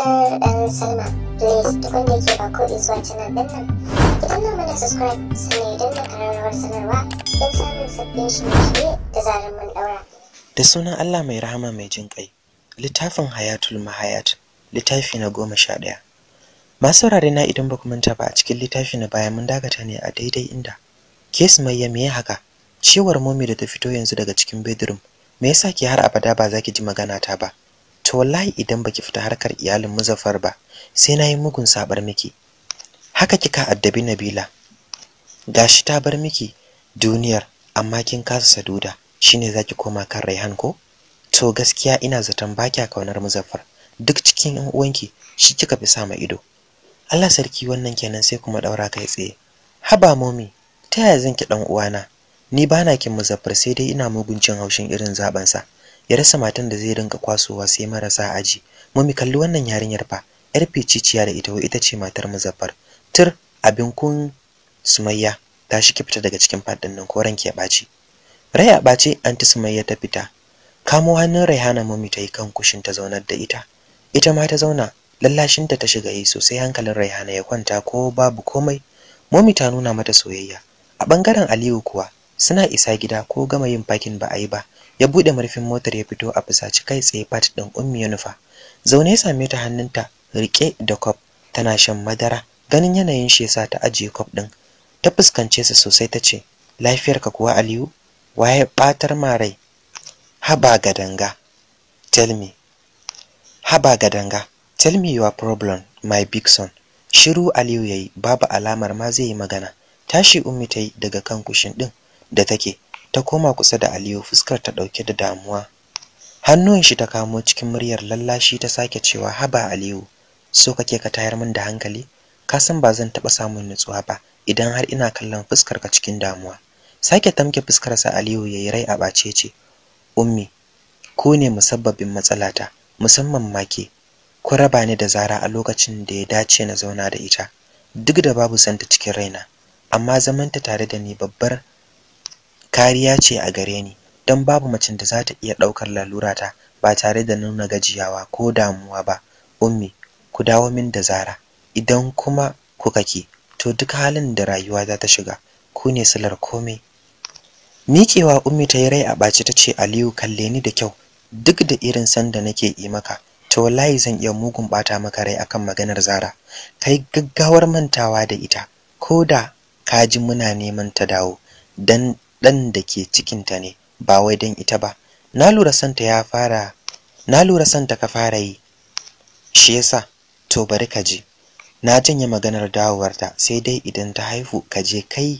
subscribe ya sanarwa don samun da sunan Allah mai rahama mai jin ƙai. Littafin Hayatul Mahayat, littafi na goma sha ɗaya. Masu saurare na idan ba manta ba a cikin littafi na baya mun dagata ne a daidai inda. Kes mai ya haka? Ciwar momi da ta fito yanzu daga cikin bedroom. Me yasa ke har abada ba za ki ji magana ta ba? ce wallahi idan baki fita harkar iyalin Muzaffar ba sai nayi mugun sabar miki haka kika addabi Nabila gashi ta bar miki duniyar amma kin kasa saduda shine zaki koma kan Raihan ko to gaskiya ina zaton bakya kaunar Muzaffar duk cikin ƴan uwanki shi kika fi sa ma ido Allah sarki wannan kenan sai kuma daura kai tsaye haba momi ta yaya zan ki dan uwana ni bana kin Muzaffar sai dai ina mugun cin haushin irin zaben sa ya rasa matan da zai rinka kwasowa sai marasa aji mi kalli wannan yarinyar fa yar ficiciya da ita ita ce matar muzaffar tur abin kun sumayya ta shike fita daga cikin fadin nan koran ke baci raya bace anti sumayya ta fita kamo hannun raihana mu ta yi kan kushin ta zaunar da ita ita ma ta zauna lallashinta ta shiga yi sosai hankalin raihana ya kwanta ko babu komai mami ta nuna mata soyayya a bangaren aliyu kuwa suna isa gida ko gama yin fakin ba a yi ba ya bude murfin motar ya fito a fusaci kai tsaye fat ɗin ummi yunufa zaune ya same ta hannunta riƙe da kwaf tana shan madara ganin yanayin shi yasa ta ajiye kwaf ɗin ta fuskance sa sosai ta ce lafiyarka kuwa aliyu waye ɓatar ma rai haba gadanga tell me haba gadanga tell me your problem my big son shiru aliyu yayi babu alamar ma zai yi magana tashi ummi ta yi daga kan kushin ɗin da take ta koma kusa da Aliyu fuskar ta dauke da damuwa hannun shi ta kamo cikin muryar lallashi ta sake cewa haba Aliyu so kake ka tayar min da hankali ka san ba zan taba samun nutsuwa ba idan har ina kallon fuskar ka cikin damuwa sake tamke fuskar sa Aliyu yayi rai a bace ce ummi Ko ne musabbabin matsalata musamman ma ke. ku raba ni da Zara a lokacin da ya dace na zauna da ita duk da babu santa cikin raina amma zamanta tare da ni babbar kariya ce a gare ni don babu macen da za ta iya ɗaukar lalurata ba tare da nuna gajiyawa ko damuwa ba ummi ku dawo min da zara idan kuma kuka ki to duk halin da rayuwa za ta shiga ku ne silar komai miƙewa ummi ta yi rai a ɓace ta ce aliyu kalle ni da kyau duk da irin sanda nake yi maka to wallahi zan iya mugun ɓata maka rai akan maganar zara kai gaggawar mantawa da ita ko da ka ji muna neman ta dawo dan ɗan da ke cikinta ne ba wai don ita ba na lura santa ya fara na lura santa ka fara yi shi yasa to bari ka je na janye maganar dawowarta sai dai idan ta haihu ka je kai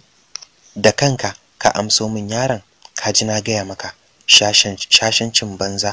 da kanka ka amso min yaron ka ji na gaya maka shashancin banza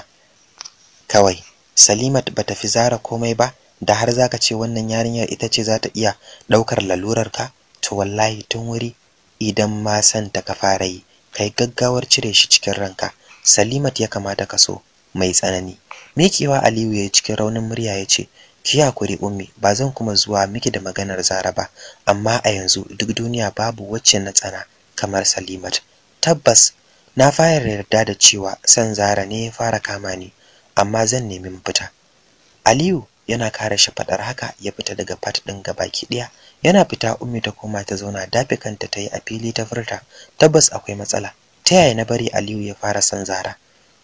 kawai salimat bata fi zara komai ba da har za ka ce wannan yarinyar ita ce za ta iya ɗaukar lalurarka to wallahi tun wuri idan ma san ta ka fara yi kai gaggawar cire shi cikin ranka Salimat ya kamata ka so mai tsanani mikewa Aliyu ya cikin raunin murya ya ce ki hakuri ummi ba zan kuma zuwa miki da maganar Zara ba amma a yanzu duk duniya babu wacce na tsana kamar Salimat tabbas na fara yarda da cewa san Zara ne ya fara kama ni amma zan nemi mafita Aliyu yana kare shi fadar haka ya fita daga fat din gabaki daya yana fita ummi ta koma ta zauna dafe kanta tayi a fili ta furta tabbas akwai matsala ta yaya na bari Aliyu ya fara san Zara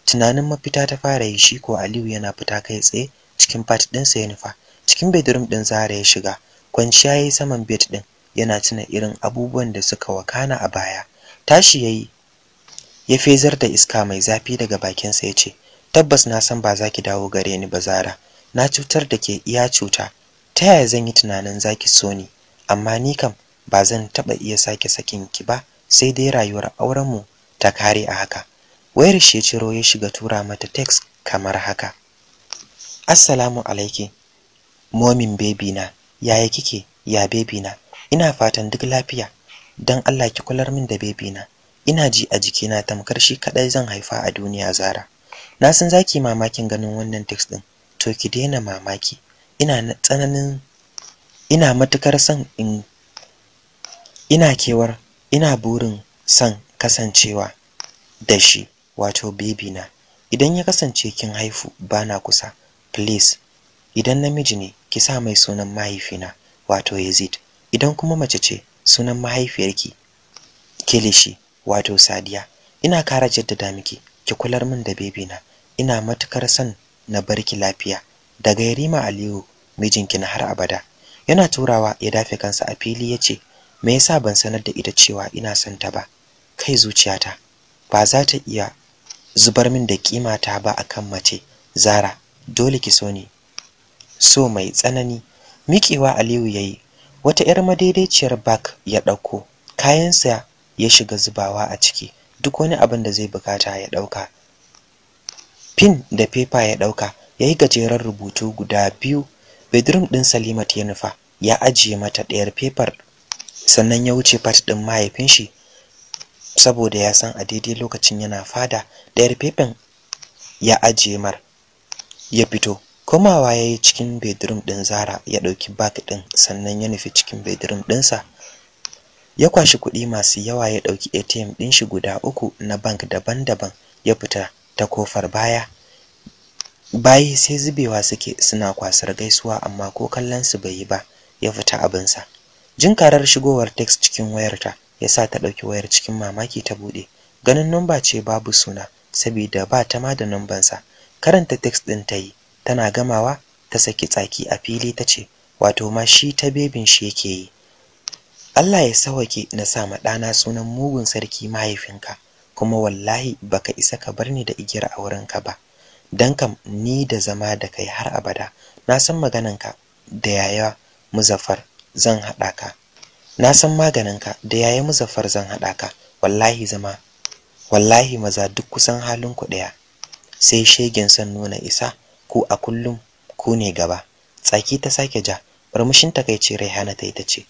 tunanin mafita ta fara yi shi ko Aliyu yana fita kai tsaye cikin fat din sa ya nufa cikin bedroom din Zara ya shiga kwanciya yayi saman bed din yana tuna irin abubuwan da suka wakana a baya tashi yayi ya fezar da iska mai zafi daga bakin sa yace tabbas na san ba zaki dawo gare ni ba Zara na cutar da ke iya cuta ta yaya zan yi tunanin zaki so ni amma ni kam ba zan taɓa iya sake sakin ki ba sai dai rayuwar aurenmu ta kare a haka wayar shi ciro ya shiga tura mata text kamar haka assalamu alaiki momin baby na yaya kike ya baby na ina fatan duk lafiya dan Allah ki kular min da baby na ina ji a jikina tamkar shi kadai zan haifa a duniya zara na san zaki mamakin ganin wannan text din to ki daina mamaki ina tsananin ina matukar son in ina kewar ina burin son kasancewa da shi wato baby na idan ya kasance kin haifu bana kusa please idan namiji ne ki sa mai sunan mahaifina wato Yazid idan kuma mace ce sunan mahaifiyarki Kilishi wato Sadiya ina kara jaddada miki ki kular min da baby na ina matukar son na barki lafiya daga Yarima Aliyu mijinki na har abada yana turawa ya dafe kansa a fili ya ce me yasa ban sanar da ita cewa ina son ta ba kai zuciyata ba za ta iya zubar min da kima ta ba akan mace Zara dole ki so ni so mai tsanani miƙewa Aliyu yayi wata yar madaidaiciyar bak ya ɗauko kayansa ya shiga zubawa a ciki duk wani abin da zai bukata ya ɗauka Pin da fefa ya ɗauka ya yi gajeren rubutu guda biyu. Bedroom ɗin Salimat ya nufa ya ajiye mata ɗayar fefar sannan ya wuce fat ɗin mahaifin shi saboda ya san a daidai lokacin yana fada ɗayar fefen ya ajiye mar. Ya fito komawa ya yi cikin bedroom ɗin Zara ya ɗauki bag ɗin sannan ya nufi cikin bedroom ɗinsa. Ya kwashi kuɗi masu yawa ya ɗauki ATM ɗin shi guda uku na bank daban-daban ya fita ta kofar baya bayi sai zubewa suke suna kwasar gaisuwa amma ko kallon su bai yi ba ya fita abin sa jinkarar shigowar text cikin wayarta ya sa ta ɗauki wayar cikin mamaki ta buɗe ganin numba ce babu suna saboda ba ta ma da sa karanta text ɗin ta yi tana gamawa ta saki tsaki a fili tace wato ma shi ta bebin shi yake yi Allah ya sawake na sa ma ɗana sunan mugun sarki mahaifinka kuma wallahi baka isa ka bar ni da igiyar aurenka ba dan kam ni da zama da kai har abada na san magananka da yaya muzaffar zan haɗa ka na san maganinka da yaya muzaffar zan haɗa ka wallahi zama wallahi maza duk kusan halin ku ɗaya sai shegen san nuna isa Ko a kullum ku ne gaba tsaki ta sake ja murmushin takaici raihana ta yi ta ce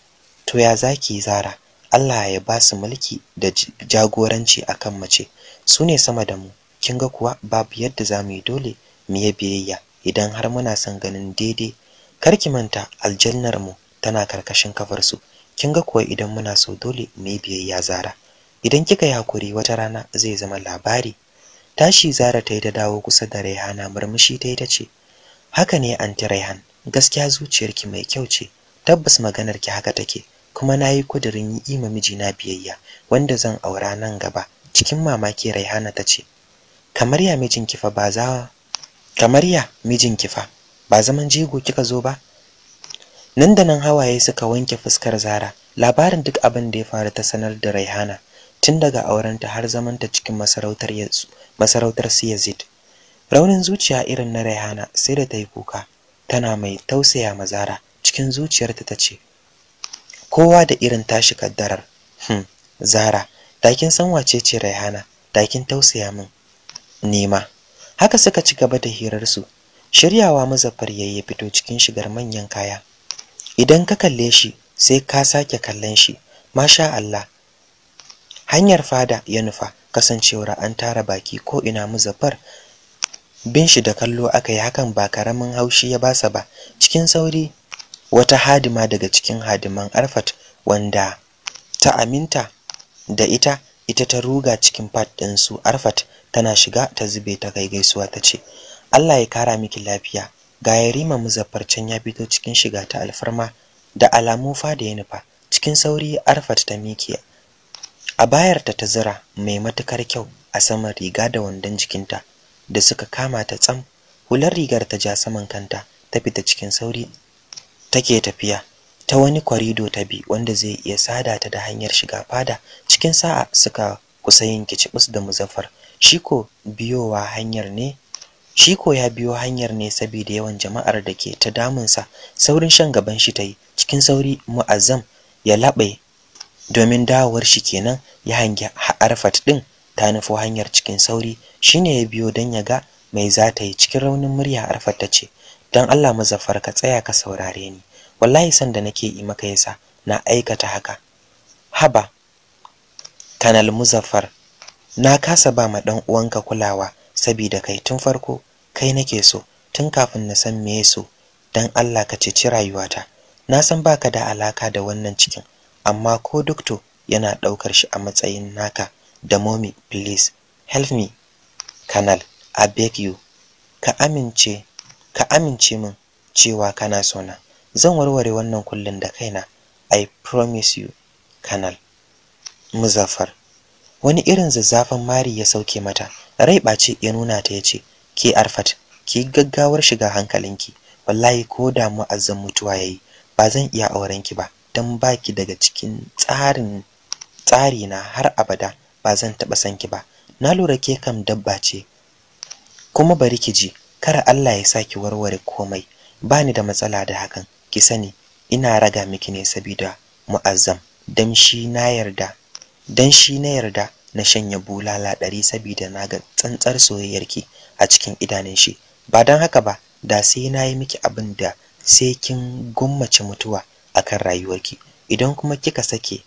to ya zaki zara Allah ya ba su mulki da jagoranci a kan mace su ne sama da mu kin ga kuwa babu yadda za mu yi dole mu yi biyayya idan har muna son ganin daidai kar ki manta aljannar mu tana karkashin kafar su kin ga kuwa idan muna so dole mu yi biyayya zara idan kika yi hakuri wata rana zai zama labari tashi zara ta yi ta dawo kusa da raihana murmushi ta yi ta ce haka ne anti raihan gaskiya zuciyarki mai kyau ce tabbas maganar ki haka take kuma na yi kudirin yi ma mijina biyayya wanda zan aura nan gaba cikin mamaki raihana ta ce kamar ya mijinki fa ba zaman jego kika zo ba nan da nan hawaye suka wanke fuskar zara labarin duk abin da ya faru ta sanar da raihana tun daga aurenta har zaman ta cikin masarautar yansu masarautar su raunin zuciya irin na raihana sai da ta yi kuka tana mai tausaya ma zara cikin zuciyarta ta ce kowa da irin tashi kaddarar hmm. zara dakin san wace ce raihana dakin tausaya min nema haka suka ci gaba da hirarsu shiryawa muzaffar yayi fito cikin shigar manyan kaya idan ka kalle shi sai ka sake kallon shi masha Allah hanyar fada ya nufa kasancewar an tara baki ko ina muzaffar bin shi da kallo aka yi hakan ba karamin haushi ya basa ba cikin sauri wata hadima daga cikin hadiman Arfat wanda ta aminta da ita ita ta ruga cikin fat ɗin su Arfat tana shiga ta zube ta kai gaisuwa ta ce Allah ya kara miki lafiya ga Yarima Muzaffar can ya fito cikin shiga ta alfarma da alamu fa da ya nufa cikin sauri Arfat ta miƙe a bayarta ta zira mai matukar kyau a saman riga da wandon jikinta da suka kama ta tsam hular rigar ta ja saman kanta ta fita cikin sauri take tafiya ta wani kwarido ta bi wanda zai iya sada ta da hanyar shiga fada cikin sa'a suka kusa yin kicibis da muzaffar shiko biyowa hanyar ne shiko ya biyo hanyar ne saboda yawan jama'ar da ke ta damunsa saurin shan gaban shi ta cikin sauri mu'azzam ya labe domin dawowar shi kenan ya hangi arfat din ta nufo hanyar cikin sauri shine ya biyo don ya ga mai za ta yi cikin raunin murya arfat ta ce dan Allah Muzaffar ka tsaya ka saurare ni wallahi san da nake yi maka yasa na aikata haka haba kanal Muzaffar na kasa ba ma dan uwanka kulawa saboda kai tun farko kai nake so tun kafin na san me so dan Allah ka ceci rayuwata na san baka da alaka da wannan cikin amma ko dukto yana daukar shi a matsayin naka da mommy please help me kanal i beg you ka amince ka amince min cewa kana sona zan warware wannan kullun da kaina i promise you kanal muzaffar wani irin zazzafan mari ya sauke mata rai bace ya nuna ta yace ke arfat ki gaggawar shiga hankalinki wallahi ko da azan mutuwa yayi ba zan iya auren ki ba dan baki daga cikin tsarin tsari na har abada ba zan taba san ki ba na lura ke kam dabba ce kuma bari ki ji kar Allah ya saki warware komai bani da matsala da hakan ki sani ina raga miki ne saboda mu'azzam dan shi na yarda dan shi na yarda na shanya bulala ɗari saboda naga tsantsar soyayyarki a cikin idanun shi ba dan haka ba da sai na yi miki abin da sai kin gummace mutuwa akan rayuwarki idan kuma kika sake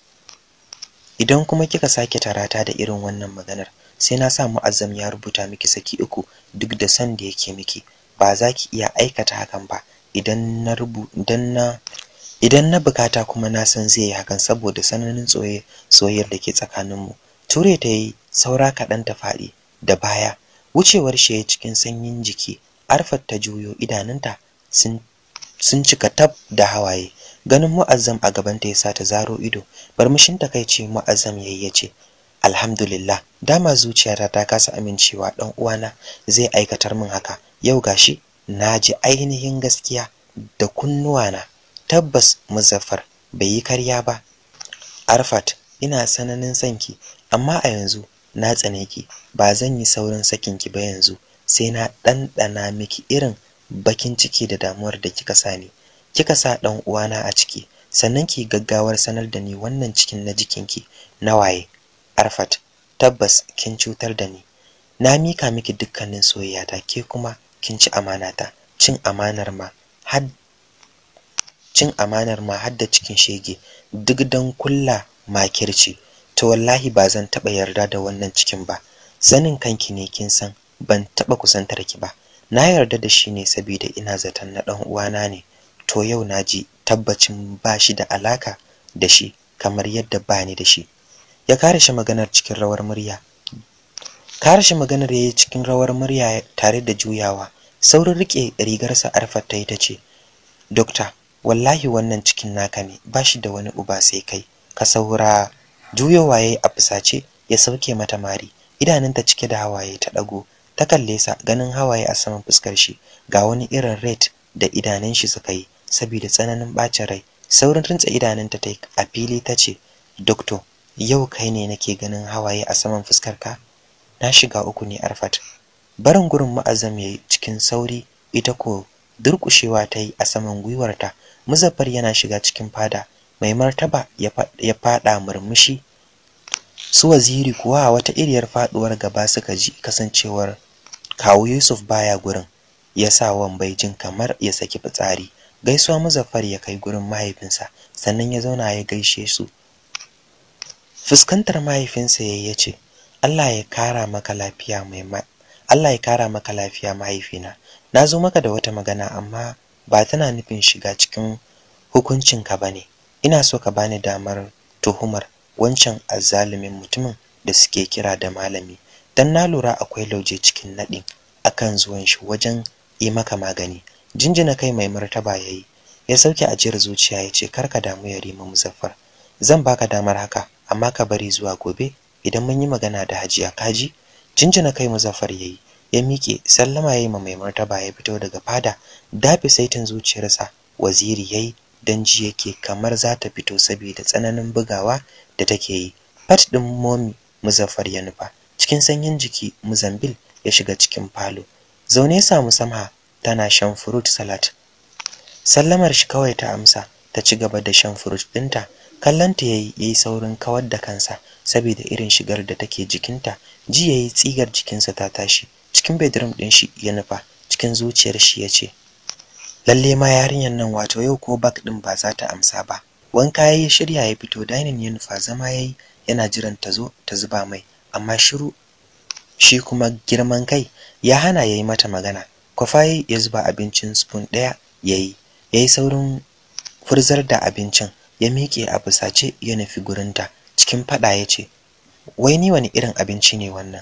idan kuma kika sake tarata da irin wannan maganar sai na sa mu'azzam ya rubuta miki saki uku duk da san da yake miki ba za ki iya aikata hakan ba idan na rubu idan na idan na bukata kuma na san zai yi hakan saboda sananin soyayya soyayyar da ke tsakaninmu ture ta yi saura kaɗan ta faɗi da baya wucewar shi cikin sanyin jiki arfar ta juyo idanunta sun sun cika tab da hawaye ganin mu'azzam a gabanta ya sa ta zaro ido barmishin ce mu'azzam yayyace alhamdulillah dama zuciyata ta kasa amincewa dan uwana zai aikatar min haka yau gashi naji ainihin gaskiya da kunnuwana tabbas muzaffar bai yi karya ba arfat ina sananin sanki amma a yanzu na tsane ki ba zan yi saurin sakin ki ba yanzu sai na ɗanɗana miki irin bakin ciki da damuwar da kika sa ni kika sa 'dan uwana a ciki sannan ki gaggawar sanar da ni wannan cikin na jikinki na waye Arfat tabbas kin cutar da ni na mika miki dukkanin soyayyata ke kuma kin ci amanata cin amanar ma had cin amanar ma har cikin shege duk dan kulla makirci to wallahi ba zan taba yarda da wannan cikin ba sanin kanki ne kin san ban taba kusantar ki ba na yarda da shi ne saboda ina zaton na dan uwana ne to yau naji tabbacin ba shi da alaka da shi kamar yadda bani da shi ya kare shi maganar cikin rawar murya kare shi maganar yayi cikin rawar murya tare da juyawa saurin rike rigarsa arfat ta yi ta ce dokta wallahi wannan cikin naka ne bashi da wani uba sai kai ka saura juyowa yayi a fusace ya sauke mata mari idanunta cike da hawaye ta dago ta kalle sa ganin hawaye a saman fuskar shi ga wani irin red da idanun shi suka yi saboda tsananin bacin rai saurin rintsa idanunta ta a fili ta ce doctor yau kai ne nake ganin hawaye a saman fuskarka na shiga uku ne arfat barin gurin ma'azam yayi cikin sauri ita ko durƙushewa ta yi a saman gwiwarta muzaffar yana shiga cikin fada mai martaba ya fada murmushi su waziri kuwa wata iriyar faduwar gaba suka ji kasancewar kawu Yusuf baya gurin ya sa wambai jin kamar ya saki fitsari gaisuwa muzaffar ya kai gurin mahaifinsa sannan ya zauna ya gaishe su fuskantar mahaifinsa yayi ya ce Allah ya kara maka lafiya mai Allah ya kara maka lafiya mahaifina na zo maka da wata magana amma ba tana nufin shiga cikin hukuncinka ba ne ina so ka bani damar tuhumar wancan azzalumin mutumin da suke kira da malami dan na lura akwai lauje cikin naɗi akan zuwan shi wajen yi maka magani jinjina kai mai martaba yayi ya sauke ajiyar zuciya ya ce ka damu ya rima muzaffar zan baka damar haka amma ka bari zuwa gobe idan mun yi magana da Hajiya Kaji jinjina kai Muzaffar yayi ya miƙe sallama yayi ma mai martaba ya fito daga fada dafi saitin zuciyarsa waziri yayi dan ji yake kamar za ta fito saboda tsananin bugawa da take yi fat din momi Muzaffar ya nufa cikin sanyin jiki Muzambil ya shiga cikin falo zaune sa samha tana shan fruit salad sallamar shi kawai ta amsa ta ci gaba da shan fruit dinta kallanta yayi yayi saurin kawar da kansa saboda irin shigar da take jikinta ji yayi tsigar jikinsa ta tashi cikin bedroom din shi ya nufa cikin zuciyar shi yace lalle ma yarinyar nan wato yau ko bak din ba za ta amsa ba wanka yayi shirya ya fito dining ya nufa zama yayi yana jiran ta zo ta zuba mai amma shiru shi kuma girman kai ya hana yayi mata magana kwafayi ya zuba abincin spoon daya yayi yayi saurin furzar da abincin ya miƙe a fusace ya nufi gurinta cikin faɗa ya ce wai ni wani irin abinci ne wannan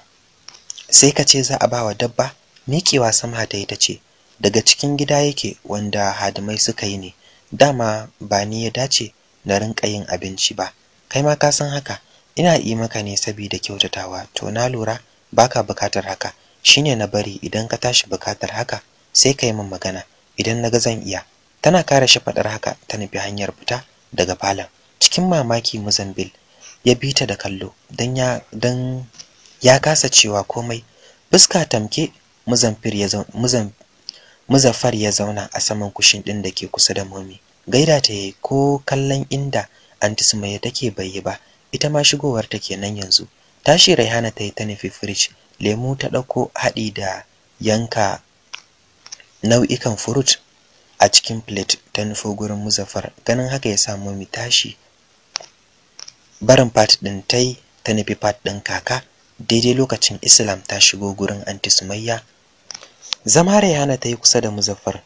sai ka ce za a ba wa dabba miƙewa sama ta yi ce daga cikin gida yake wanda hadimai suka yi ne dama ba ni ya dace na rinƙa yin abinci ba kai ma ka san haka ina yi maka ne saboda kyautatawa to na lura baka bukatar haka shine na bari idan ka tashi bukatar haka sai ka yi min magana idan na ga zan iya tana kare shi haka ta nufi hanyar fita daga falon cikin mamaki muzambil ya bi ta da kallo don ya don ya kasa cewa komai fuska tamke muzamfir ya zauna muzaffar ya zauna a saman kushin din da ke kusa da momi gaida ta yi ko kallon inda ya take bai ba ita ma shigowar ta nan yanzu tashi raihana ta yi ta nufi fridge lemu ta ɗauko haɗi da yanka nau'ikan furut a cikin plate ta nufo gurin muzafar, ganin haka ya sa momi tashi barin fat ɗin ta yi ta nufi fat ɗin kaka daidai lokacin islam ta shigo gurin anti sumayya zama raihana ta yi kusa da muzaffar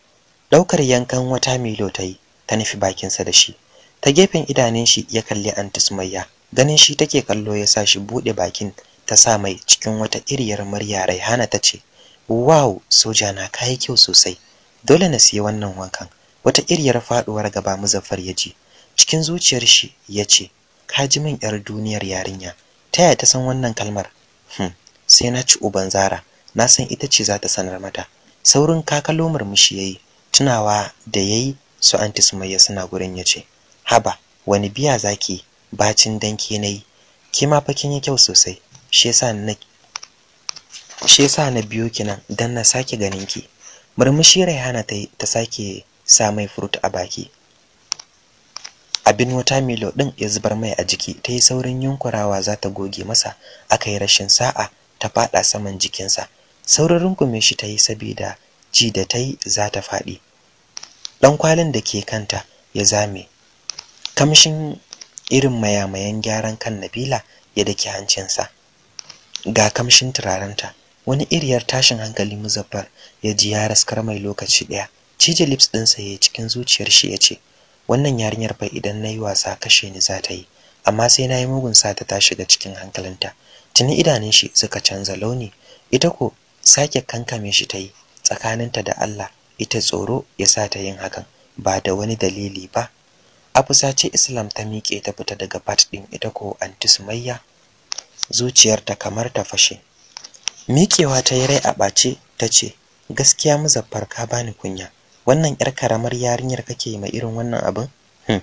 ɗaukar yankan wata milo ta yi ta nufi bakinsa da shi ta gefen idanun shi ya kalli anti sumayya ganin shi take kallo ya sa shi buɗe bakin ta sa mai cikin wata iriyar murya raihana ta ce wow soja na yi kyau sosai dole na siya wannan wankan wata iriyar faduwar gaba muzaffar ya ji cikin zuciyar shi ya ce ka ji min yar duniyar yarinya ta yaya ta san wannan kalmar hmm. sai na ci uban zara na san ita ce za ta sanar mata saurin kakalo murmushi yayi tunawa da yayi su anti sumayya suna gurin ya ce haba wani biya zaki bacin danki nayi ki ma fa kin yi kyau sosai shi yasa na shi yasa na biyo ki nan dan na sake ganin ki murmushi Rayhana ta ta sake sa mai fruit a baki abin wata milo din ya zubar mai a jiki ta yi saurin yunkurawa za ta goge masa aka yi rashin sa'a ta fada saman jikinsa saurin rungume shi ta yi saboda ji da ta yi za ta faɗi Dan kwalin da ke kanta ya zame kamshin irin mayamayan gyaran kan Nabila ya dake hancinsa ga kamshin turarenta wani iriyar tashin hankali muzaffar ya ji ya raskar mai lokaci ɗaya cije lips sa ya cikin zuciyar shi ya ce wannan yarinyar fa idan na yi wasa kashe ni za ta yi amma sai na yi mugun sata ta shiga cikin hankalinta tuni idanun shi suka canza launi ita ko sake kankame shi ta yi tsakaninta da Allah ita tsoro ya sa ta yin hakan ba da wani dalili ba a fusace Islam ta miƙe ta fita daga bat ɗin ita ko anti Sumayya zuciyarta kamar ta fashe miƙewa ta yi rai a ɓace ta ce gaskiya muzaffar ka bani kunya wannan yar karamar yarinyar kake mai irin wannan abin hmm.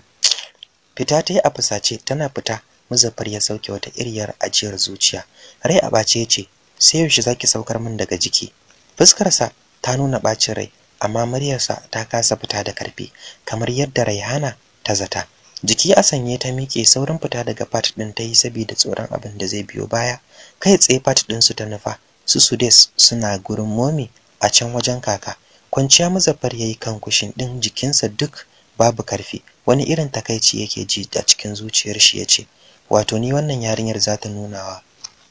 fita ta yi a fusace tana fita muzaffar ya sauke wata iriyar ajiyar zuciya rai a ɓace ya ce sai yaushe zaki saukar min daga jiki fuskarsa ta nuna ɓacin rai amma muryarsa ta kasa fita da karfi kamar yadda raihana ta zata jiki a sanye ta miƙe saurin fita daga fat ɗin ta yi saboda tsoron abin da zai biyo baya kai tsaye fat ɗinsu ta nufa su sudes suna gurin momi a can wajen kaka kwanciya muzaffar yayi kan kushin din jikinsa duk babu karfi wani irin takaici yake ji a cikin zuciyar shi yace wato ni wannan yarinyar za ta nunawa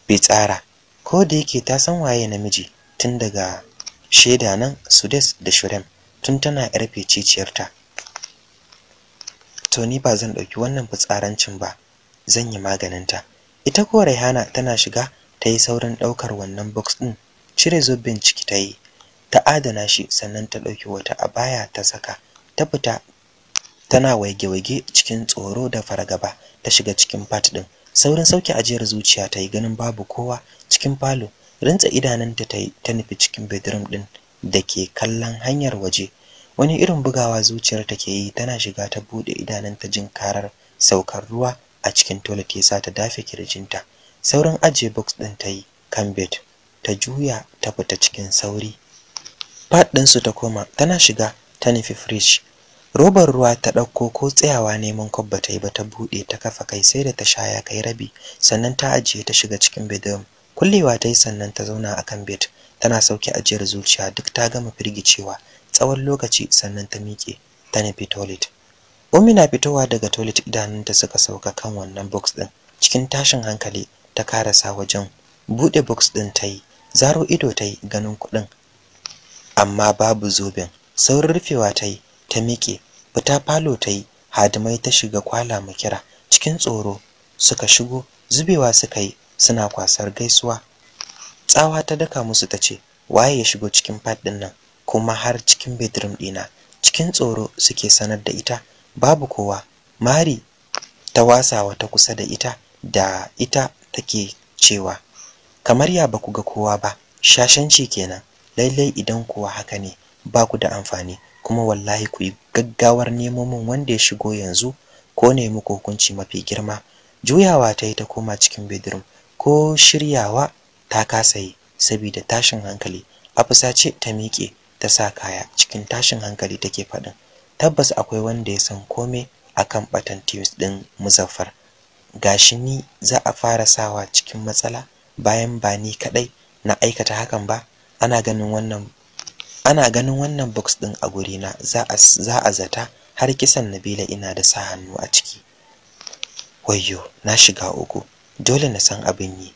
bai tsara ko da yake ta san waye namiji tun daga sheda nan sudes da shurem tun tana yar ciciyarta. to ni ba zan ɗauki wannan fitsarancin ba zan yi maganinta ita ko raihana tana shiga ta yi sauran ɗaukar wannan box ɗin cire zoben ciki ta yi ta adana shi sannan ta ɗauki wata a baya ta saka ta fita tana waige-waige cikin tsoro da fargaba ta shiga cikin fat ɗin saurin sauke ajiyar zuciya ta yi ganin babu kowa cikin falo rintsa idanunta ta yi ta nufi cikin bedroom ɗin da ke kallon hanyar waje wani irin bugawa zuciyar ta ke yi tana shiga ta buɗe idanunta jin karar saukar ruwa a cikin toilet ya sa ta dafe kirjinta saurin ajiye box ɗin ta yi kan bed ta juya ta fita cikin sauri pad su ta koma tana shiga ta nufi fridge robar ruwa ta ɗauko ko tsayawa neman kwabba ta yi ba ta buɗe ta kafa kai sai da ta sha ya kai rabi sannan ta ajiye ta shiga cikin bedroom kullewa ta yi sannan ta zauna a kan bed tana sauke ajiyar zuciya duk ta gama firgicewa tsawon lokaci sannan ta miƙe ta nufi toilet omi na fitowa daga toilet idanunta suka sauka kan wannan box ɗin? cikin tashin hankali ta karasa wajen bude box ɗin tayi, zaro ido ta ganin kuɗin amma babu zoben saurin rufewa ta ta miƙe fita falo ta hadimai ta shiga kwala mu kira cikin tsoro suka shigo zubewa suka yi suna kwasar gaisuwa tsawa ta daka musu ta ce waye ya shigo cikin fat ɗin nan kuma har cikin bedroom dina, cikin tsoro suke sanar da ita babu kowa mari ta wasa wata kusa da ita da ita take cewa kamar ya baku ga kowa ba shashanci kenan lailai idan kuwa haka ne ba ku da amfani kuma wallahi ku yi gaggawar nemo min wanda ya shigo yanzu ko ne muku hukunci mafi girma juyawa ta yi ta koma cikin bedroom ko shiryawa ta kasa yi saboda tashin hankali a fusace ta miƙe ta sa kaya cikin tashin hankali take faɗin tabbas akwai wanda ya san komai akan batan tubes ɗin muzaffar gashi ni za a fara sawa cikin matsala bayan ba ni kadai na aikata hakan ba ana ganin wannan ana ganin wannan box din a guri na za a za a zata har kisan Nabila ina da sa hannu a ciki wayyo na shiga uku dole na san abin yi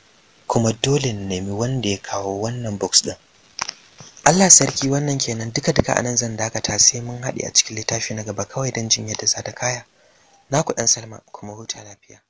kuma dole na nemi wanda ya kawo wannan box ɗin. Allah sarki wannan kenan duka duka anan zan dakata sai mun haɗe a cikin littafi na gaba kawai don jin yadda za ta kaya naku dan Salma kuma huta lafiya